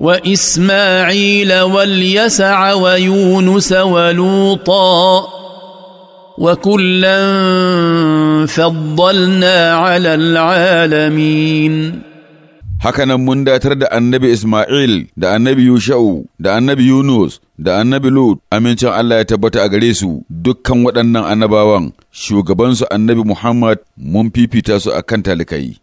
واسماعيل واليسع ويونس ولوطا وكلا فضلنا على العالمين hakanan mun datar da annabi Ismail da annabi Yusha'u da annabi Yunus da annabi Lut amincin Allah ya tabbata a gare su dukkan waɗannan annabawan shugabansu annabi Muhammad mun fifita su a kan talikai